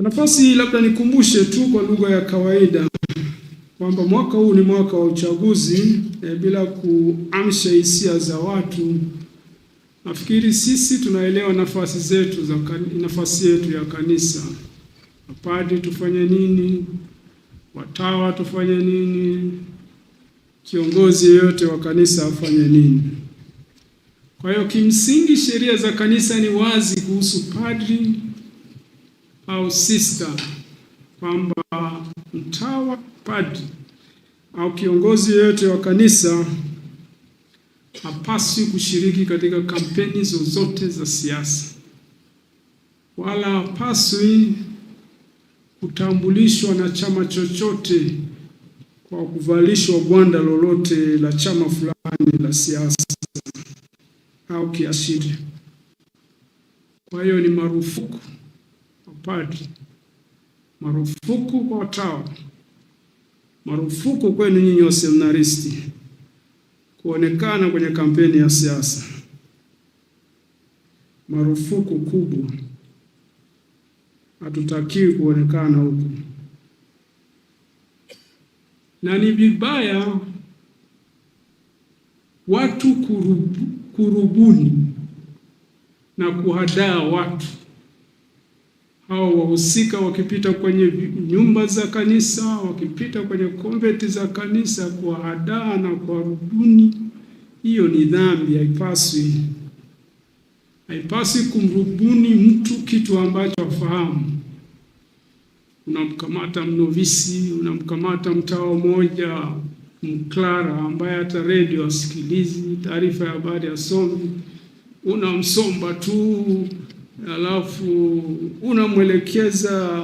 Kwa nafasi labda nikumbushe tu kwa lugha ya kawaida kwamba mwaka huu ni mwaka wa uchaguzi e, bila kuamsha hisia za watu. Nafikiri sisi tunaelewa nafasi zetu za nafasi yetu ya kanisa. Mapadri tufanye nini? Watawa tufanye nini? Kiongozi yeyote wa kanisa afanye nini? Kwa hiyo kimsingi sheria za kanisa ni wazi kuhusu padri au sista kwamba mtawa, padri au kiongozi yeyote wa kanisa hapaswi kushiriki katika kampeni zozote za siasa, wala hapaswi kutambulishwa na chama chochote kwa kuvalishwa gwanda lolote la chama fulani la siasa au kiashiria. Kwa hiyo ni marufuku mapadri, marufuku kwa watawa, marufuku kwenu nyinyi waseminaristi kuonekana kwenye kampeni ya siasa, marufuku kubwa. Hatutakiwi kuonekana huku, na ni vibaya watu kurubu, kurubuni na kuhadaa watu au wahusika wakipita kwenye nyumba za kanisa, wakipita kwenye konventi za kanisa kwa adaa na kwa rubuni, hiyo ni dhambi, haipaswi. Haipaswi kumrubuni mtu kitu ambacho afahamu. Unamkamata mnovisi, unamkamata mtawa mmoja mklara ambaye hata redio asikilizi, taarifa ya habari asomi, unamsomba tu alafu unamwelekeza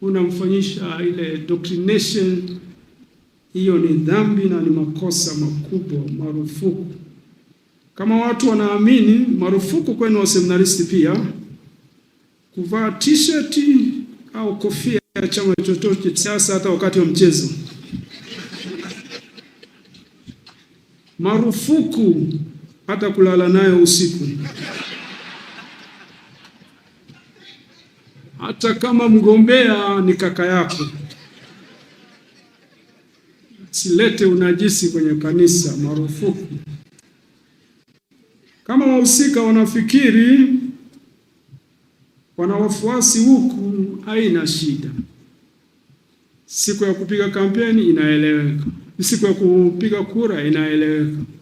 unamfanyisha ile doctrination. Hiyo ni dhambi na ni makosa makubwa, marufuku. Kama watu wanaamini, marufuku kwenu waseminaristi pia kuvaa t-shirt au kofia ya chama chochote sasa siasa, hata wakati wa mchezo. Marufuku hata kulala nayo usiku. hata kama mgombea ni kaka yako. Silete unajisi kwenye kanisa, marufuku. Kama wahusika wanafikiri wana wafuasi huku, haina shida. Siku ya kupiga kampeni inaeleweka, siku ya kupiga kura inaeleweka.